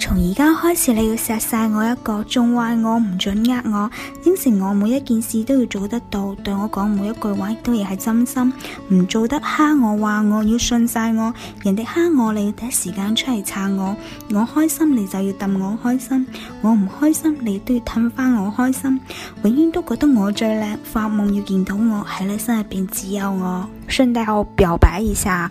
從而家開始，你要錫晒我一個，仲話我唔准呃我，應承我每一件事都要做得到，對我講每一句話都亦係真心，唔做得蝦我話我要信晒我，人哋蝦我你要第一時間出嚟撐我，我開心你就要氹我開心，我唔開心你都要氹翻我開心，永遠都覺得我最靚，發夢要見到我喺你心入邊只有我。順帶我表白一下。